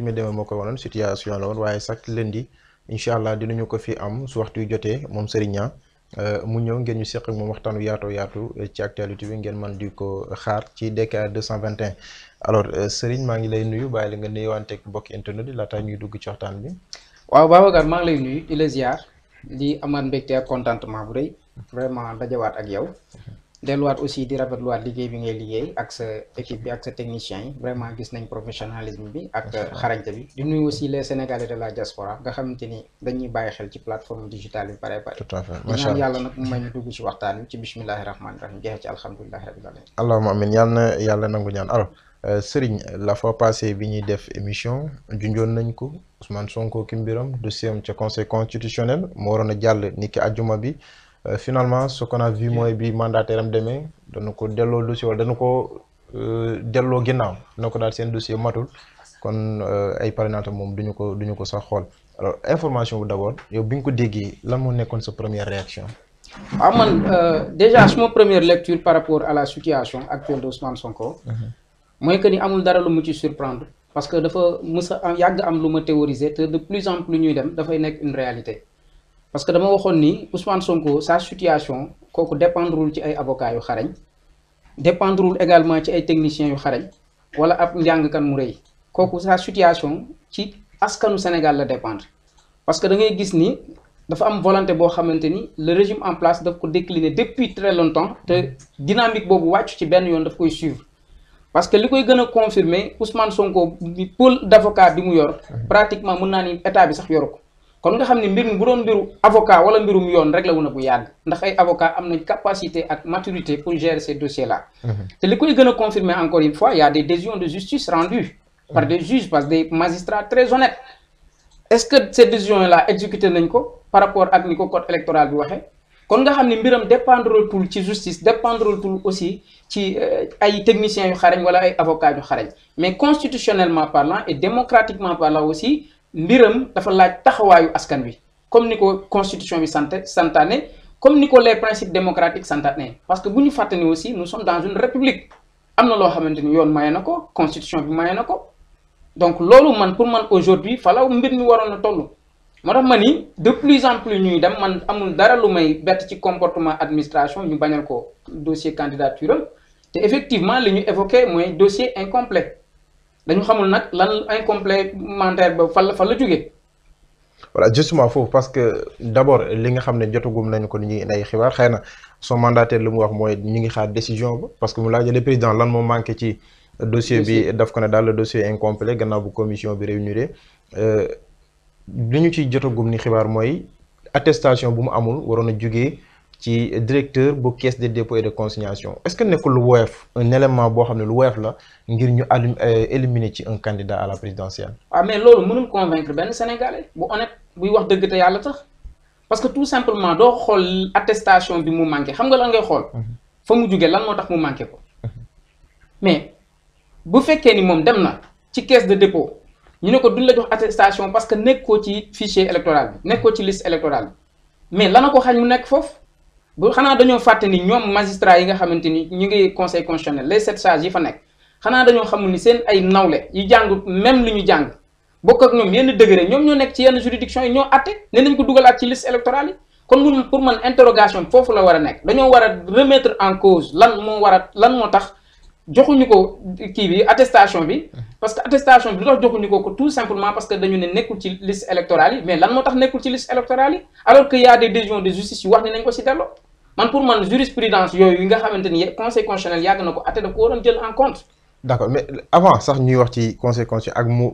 bi mu demee moo koy wanoon situation lool waaye chaque lundi incha allah dinañu ko fi am su waxtu jotee moom Serigne euh, mu ñëw ngeen ñu seq moom waxtaan wi yaatoo yaatu ci actualité bi ngeen man di ko xaar ci DKR 221 alors euh, Serigne maa ngi lay nuyu bàyyi la nga nuyuwanteeg mbokki internet yi laataa ñuy dugg ci waxtaan bi. waaw Babacar maa ngi lay nuyu di la ziar di amaat mbégte ak contentement bu rëy vraiment dajawaat ak yow delluwaat aussi di rafetluwaat liggéey bi ngay liggéey ak sa équipe bi ak sa technicien yi vraiment gis nañ professionnalisme bi ak xarañte bi di nuyu aussi les sénégalais de la diaspora nga xamante ni dañuy bàyyi xel ci plateforme digitale bi pare pare tout à fait macha allah yàlla nag mu may ñu dugg ci waxtaan wi ci bismillahi rahmaani rahim jeexe ci alhamdulilahi rabbil alamin allahuma amin yàlla na yàlla nangu ñaan alors euh, Serigne la fois passée bi ñuy def émission junjoon nañ ko Ousmane Sonko ki mbiram dossier am ca conseil constitutionnel waroon a jàll ni ki ajuma bi Euh, finalement ce qu'on a vu mooy bi mandataire am demee dana ko delloo dossier wala dana ko euh, delloo ginnaaw dana ko daal seen dossier matul kon euh, ay parrainage moom duñu ko duñu ko sax xool information bu d'abord yow bi nga ko déggee lan moo nekkoon sa première réaction. ah man déjà suma première lecture par rapport à la situation actuelle de Ousmane Sonko. Mhm. mooy que ni amul dara lu mu ci surprendre parce que dafa mës a yàgg am lu ma théoriser te de plus en plus parce que dama waxoon ni Ousmane Sonko sa situation kooku dépendrewul ci ay avocats yu xarañ dépendrewul également ci ay techniciens yu xarañ wala ab njàngkan mu rëy kooku sa situation ci askanu Sénégal la dépendre parce que da ngay gis ni dafa am volonté boo xamante ni le régime en place daf ko décliner depuis très longtemps te dynamique boobu wàccu ci benn yoon daf koy suivre parce que li koy gën a confirmer Ousmane Sonko bi pôle d'avocat bi mu yor mhm. pratiquement mën naa ni état bi sax yoru ko kon nga xam ne mbir mi bu doon mbiru avocat wala mbirum yoon rek la wu na bu yàgg ndax ay avocat am nañ capacité ak maturité pour gérer ces dossiers là mhm. te li koy gën a confirmer encore une fois il y a des décisions de justice rendues par mhm. des juges par des magistrats très honnêtes est-ce que ces décisions là exécuté nañ ko par rapport ak ni ko code électoral bi waxee kon nga xam ne mbiram dépendre tul ci justice dépendre tul aussi ci euh, ay techniciens yu xarañ wala ay avocats yu xarañ mais constitutionnellement parlant et aussi mbiram dafa laaj taxawaayu askan wi comme ni ko constitution bi sant santaane comme ni ko les principes santa santaane parce que bu ñu fàttani aussi nous sommes dans une république am na loo xamante ni yoon maye na ko constitution bi maye na ko donc loolu man pour man aujourd'hui falaw mbir mi waroon a toll moo tax ma ni de plus en plus ñuy dem man amul dara lu may bett ci comportement administration ñu bañal ko dossier candidature am te effectivement li ñu évoqué mooy dossier incomplet dañu xamul nag lan incomplémentaire ba fan la fan la jógee. voilà justement foofu parce que d' abord li nga xam ne jotagum nañu ko ni ñu ngi ay xibaar xëy na soo mandataire lu mu wax mooy ñu ngi xaar décision ba parce que mu laajee le président lan moo manqué ci. dossier bi daf ko ne daal le dossier incomplet gannaaw bu commission bi réunir euh, li ñu ci jotagum ni xibaar mooy attestation bu mu amul waroon a jugee ci directeur bu caisse des dépôts et de consignation est-ce que nekkul lu woyof un élément boo xam ne lu woyof la ngir ñu alum euh, éliminer ci un candidat à la présidentielle. waaw ah, mais loolu mënul convaincre benn sénégalais bu honnête buy wax dëgg te yàlla tax parce que tout simplement doo xool attestation bi mu manqué xam nga lan ngay xool. Mhm. fa mu jugee lan moo tax mu manqué ko. Mhm. mais bu fekkee ni moom dem na ci caisse de dépôt ñu ne ko duñ la jox attestation parce que nekkoo ci fichier électoral bi nekkoo ci liste électorale bi bu xanaa dañoo fàtte ni ñoom magistrat yi nga xamante ni ñu ngi conseil constitutionnel les sept sages yi fa nekk xanaa dañoo xamul ni seen ay nawle yu jàng même li ñu jàng bokk ak ñoom yenn degré ñoom ñoo nekk ci yenn juridiction yi ñoo àtte ne nañ ko dugalaat ci liste électorale yi kon mun pour man interrogation foofu la war a nekk dañoo war a remettre en cause lan moo war a lan moo tax joxuñu ko kii bi attestation bi parce que attestation bi lu ko ko tout simplement parce que dañu ne man pour man jurisprudence yooyu yi nga xamante ni conseil constitutionnel yàgg na ko atte daf ko waroon jël en compte. d' mais avant sax ñuy wax ci conseil ak mu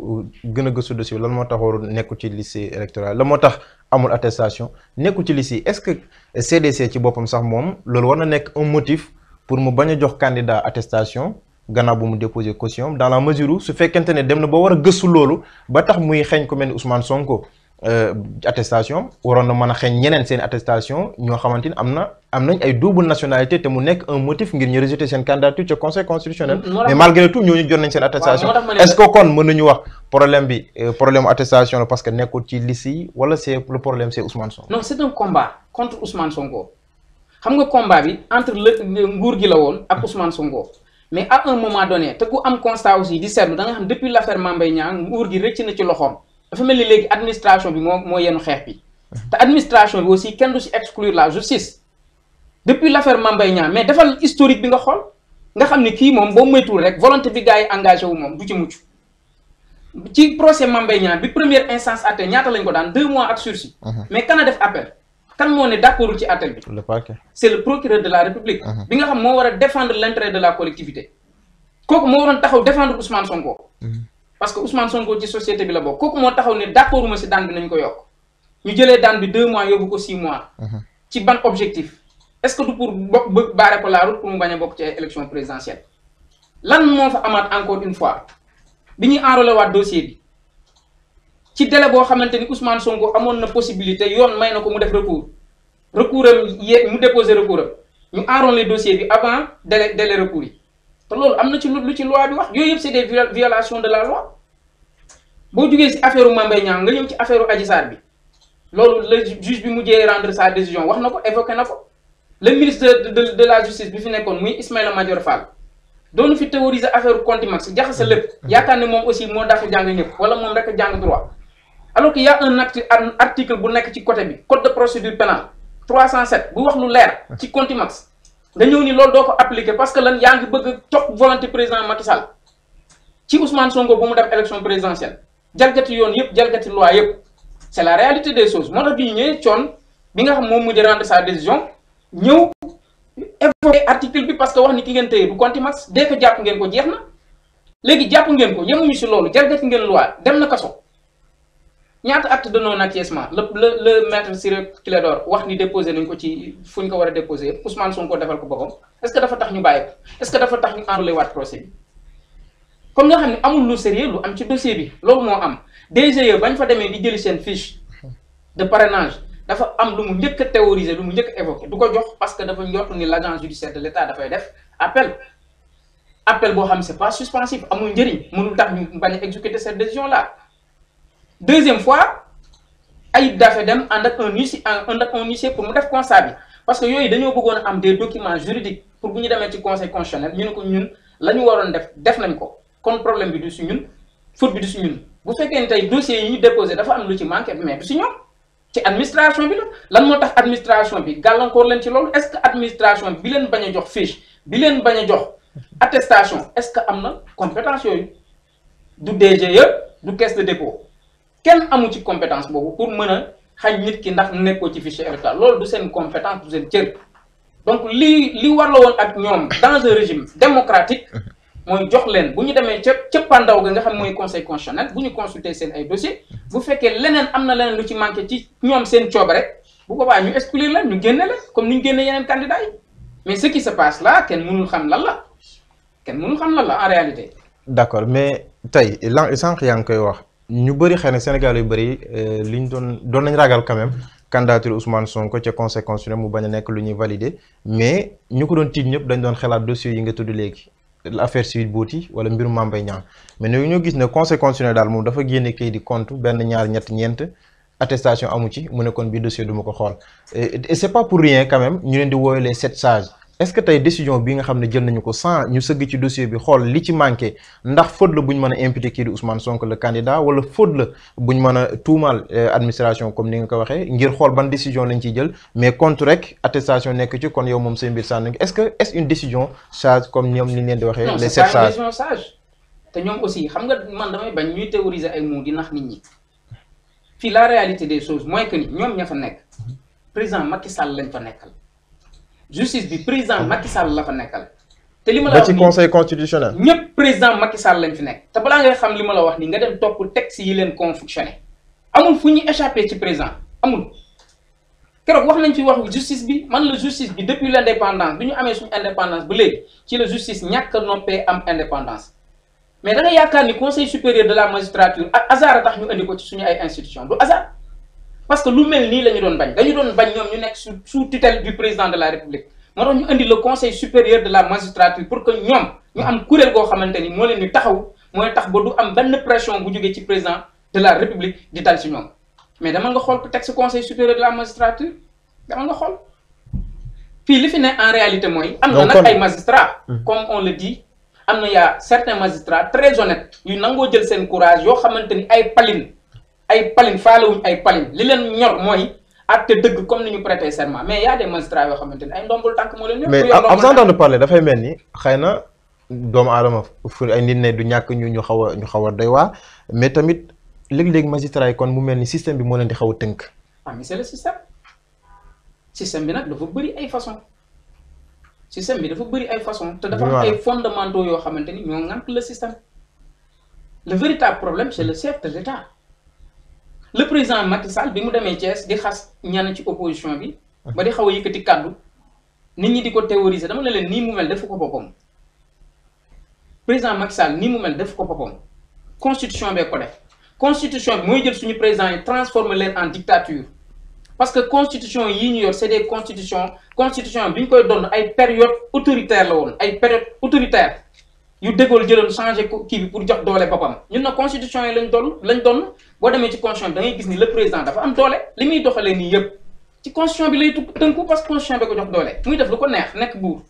gën a gëstu dossier lan moo tax waru ci liste électorale la moo tax amul attestation nekku ci liste est ce que CDC ci boppam sax moom loolu war na nekk un motif pour mu bañ a jox candidat attestation. gannaaw bu mu déposé caution dans la mesure su fekkente ne dem na ba war a gëstu loolu ba tax muy xeeñ ko mel ni Ousmane Sonko euh, waroon na mën a xeeñ ñeneen seen attestation ñoo xamante ni am na am nañ ay double nationalité te mu nekk un motif ngir ñu rejeter seen candidature ca conseil constitutionnel. mais malgré tout ñooñu jot nañ seen attestation. est-ce que kon mën nañu wax problème bi euh, problème attestation parce que nekkul ci liste yi wala c'est le problème c'est Ousmane Sonko. non c'est un combat contre Ousmane Sonko xam nga combat bi nguur gi la woon ak hmm. Ousmane Sonko. mais à un moment donné te ku am constat aussi di seetlu da nga xam depuis l'affaire Mame Mbaye Niang nguur gi rëcc na ci bi moo moo yenn xeex bi hmm. te administration bi aussi kenn du si depuis l'affaire Mame Mbaye Niang mais defal historique bi nga xool nga xam ni kii moom boo moytuwul rek volonté bi gars yi engagé wu moom du ci mucc ci procès Mame Mbaye Niang bi première instance àtte ñaata lañ ko daan deux mois ak sursis. Mhm. mais kan a def appel. kan moo ne d'accord ci appel bi. le parquet c'est le procureur de la République. Mhm. bi nga xam moo war a défendre l'intérêt de la collectivité. kooku moo waroon taxaw défendre Ousmane Sonko. Mhm. parce que Ousmane Sonko ci société la bokk kooku moo taxaw ne d'accord ma si nañ ko yokk ñu jëlee daan bi deux mois yóbbu ban objectif. est-ce que du pour bokk baare ko la route pour mu bañ a bokk ci ay présidentielle lan moo fa amaat encore une fois bi ñuy enrôlé waat dossier bi ci délai boo xamante ni Ousmane Sonko amoon na possibilité yoon may na ko mu def recours recours am yé mu déposé recours am ñu dossier bi avant délai délai recours yi te loolu am na ci lu ci loi bi wax yooyu yëpp c'est des violations de la loi boo jugee ci affaire u Mame Mbaye nga ñëw ci affaire u Adji bi loolu la juge bi mujjee rendre sa décision wax na ko évoqué na le ministre de de de la justice bi fi nekkoon muy Ismaïla Madior Fall doonu fi théoriser affaire contumace jaxase lépp mhm. yaakaar ne moom aussi moo dàq jàng ñëpp wala moom rek jàng droit alors que y' a un bu nekk ci côté bi code de procédure pénale 307 bu wax lu leer ci contumace nga ñëw ni loolu doo ko appliquer parce que lan yaa ngi bëgg a topp volonté président Macky Sall ci Ousmane Sonko bu mu def élection présidentielle jalgati yoon yëpp jalgati loi yëpp c' est la réalité des choses moo tax bi ñu ñëwee nga xam moom mujj rendre sa décision. ñëw évoqué article bi parce que wax ni ki ngeen téye du contumace dès que jàpp ngeen ko jeex na léegi jàpp ngeen ko yemuñu si loolu jalgati ngeen loi dem na kaso ñaata acte de non acquiescement la la le maître Ciré Clédor wax ni déposé nañ ko ci fu ñu ko war a déposé yëpp Ousmane Sonko defal ko boppam est-ce que dafa tax ñu bàyyi ko est-ce dafa tax ñu enrôlé waat procès bi comme nga xam ne amul lu sérieux lu am ci dossier bi loolu moo am DGE bañ fa demee di jëli seen fiche de parrainage. dafa am lu mu njëkk a lu mu njëkk a du ko jox parce que dafa njort ni l' agence judiciaire de dafay def appel appel boo xam ne c' est pas suspensif amul njëriñ mënul tax ñu bañ a exécuter cette décision là deuxième fois Ayib Daffé dem ànd ak un huissier en ak un huissier pour mu def constat bi parce que yooyu dañoo bëggoon am de documents juridiques pour bu ñu demee ci conseil constitutionnel ñu ne ko ñun la ñu waroon def def nañ ko kon problème bi du si ñun faute bi du bu fekkee ne tey dossiers déposé dafa am lu ci manqué mais du si ñoom. ci administration bi la lan moo tax administration bi gàllankoor leen ci loolu est-ce que administration bi leen bañ a jox fiche bi leen bañ a jox attestation est-ce que am na compétence yooyu du DGE du caisse de dépôt kenn amu ci compétence boobu pour mën a xañ nit ki ndax nekkoo ci fichier électoral loolu du seen compétence du seen cër donc li li war la woon ak ñoom dans un régime démocratique mooy jox leen bu ñu demee ca cëppandaw ga nga xam mooy conseil constitutionnel bu ñu consulter seen ay dossier bu fekkee leneen am na leneen lu ci manqué ci ñoom seen coobare rek bu boobaa ñu exclure la ñu génne la comme ni ñu génne yeneen candidat yi mais ce qui se passe là kenn mënul xam lan la kenn mënul xam lan la en réalité. d' accord mais tey lan sànq yaa ngi koy wax ñu bëri xëy na Sénégal yu bëri euh, li ñu doon doon nañ ragal quand même candidature Ousmane Sonko ca conséquence mu bañ a nekk lu ñuy valider mais ñu ko doon tiit ñëpp dañ doon xalaat dossier yi nga tudd léegi. l'affaire Sweet Beauty wala mbiru Mame Mbaye Niang mais ñoo ñoo gis ne conseil constitutionnel daal moom dafa génne kayit di compte benn ñaar ñett ñeent attestation amu ci mu ne kon bii dossier du ko xool et c'est pas pour rien quand ñu leen di woowee les sept sages est-ce que tey décision bi nga xam ne jël nañu ko sans ñu sëgg ci dossier bi xool li ci manqué ndax faute la bu mën a imputé kii di Ousmane Sonko le candidat wala faute la bu mën a tuumaal euh, administration comme ni nga ko waxee ngir xool ban décision lañ ciy jël mais contre rek attestation nekk ci kon yow moom seen mbir sànni est-ce que est-ce une décision sage comme ñoom ni ñu leen di waxee. les sept te ñoom aussi xam nga man damay bañ ñuy théoriser ay mots di nax nit ñi fii la réalité des choses fa nekk président Macky Sall lañ fa justice bi président Macky Sall la fa nekkal. te li ma la ñëpp président Macky Sall lañ fi nekk. te balaa ngay xam li ma la wax ni nga dem topp texte yi leen confectionné amul fu ñuy échappé ci président amul keroog wax nañ ci wax justice bi man la justice bi depuis l' indépendance bi ñu amee suñu indépendance ba léegi ci la justice ñàkk a noppee am indépendance mais da nga yaakaar ni conseil supérieur de la magistrature ak hasard tax ñu andi ko ci suñu ay institution du hasard. parce que lu mel nii la ñu doon bañ dañu doon bañ ñoom ñu nekk sous sous tutelle du président de la république moo tax ñu indi le conseil supérieur de la magistrature pour que ñoom ñu am kuréel goo xamante ni moo leen di taxaw mooy tax ba du am benn pression bu jógee ci président de la république di dal si ñoom mais dama nga xool texte conseil supérieur de la magistrature dama nga xool fii li fi ne en réalité mooy. am na nag ay magistrats. Hmm. comme on am na yaa certains magistrats très honnêtes nangoo jël courage yoo xamante ni ay paline. ay palin faalewuñ ay palin li leen ñor mooy at te dëgg comme ni ñu prêter serment mais y a des yoo xamante ne ay ndombul tànk moo leen ñor. mais absent d'en mel ni xëy na doomu aadama fu ay nit ne du ñàkk ñu ñu xaw a ñu xaw a doy waa mais tamit léeg-léeg magistrats kon mu mel ni système bi moo leen di xaw a tënk. ah mais c'est le système système bi nag dafa bëri ay façon système bi dafa bëri ay façon te dafa am ay fondamentaux yoo xamante ni ñoo ŋànk le système le véritable problème c'est le chef de l'État. le président Macky bi mu demee Thiès di xas ñan ci opposition bi. ba di xaw a yëkkati kàddu. nit ñi di ko théoriser dama ne leen nii mu mel def ko boppam. président Macky Sall nii mu mel def ko boppam. constitution bee ko def. constitution bi mooy jël suñu président yi transformer leen en dictature. parce que constitution yi ñu yor c'est des constitution constitution bi ñu koy donn ay période autoritaire la woon ay période autoritaire yu déggool jëloon changé kii bi pour jox doole boppam ñun na constitution yi lañ doon lañ doon boo demee ci constitution bi da gis ni le président dafa am doole li muy doxalee nii yëpp ci constitution bi lay tënku parce que constitution bi ko jox doole muy def lu ko neex nekk buur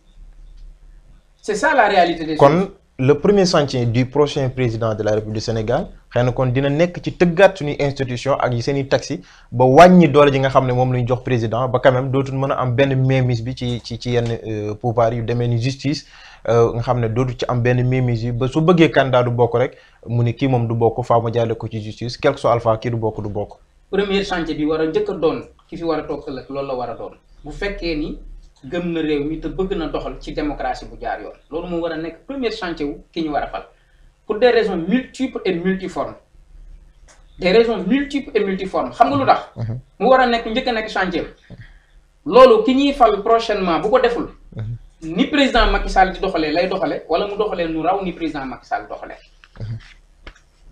c'est ça la réalité des choses. le premier chantier du prochain président de la République du Sénégal xëy na kon dina nekk ci tëggaat suñuy institution ak seen i taxi ba wàññi doole ji nga xam ne moom la ñu jox président ba quand même dootul mën a am benn mémis bi ci ci ci yenn euh, pouvoir yu demee ni justice euh, nga xam ne dootul ci am benn mémis bi ba su bëggee candidat du bokk rek mu ne kii moom du bokk faa ma jaale ko ci justice quel que soit alpha kii du bokk du bokk. premier chantier bi war a ki fi war loolu la war a doon gëm na réew mi te bëgg na doxal ci démocratie bu jaar yoon loolu moo war a nekk premier chantier wu ki ñu war a fal pour des raisons multiples et multiformes des raisons multiples et multiformes xam nga lu tax. mu war a nekk njëkk a nekk chantier loolu ki ñuy fal prochainement bu ko deful. ni président Macky Sall di doxalee lay doxalee wala mu doxalee nu raw ni président Macky Sall doxalee.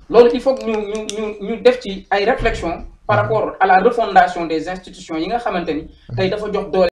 loolu il faut ñu ñu ñu ñu def ci ay réflexions par rapport à la des institutions yi nga xamante ni. tey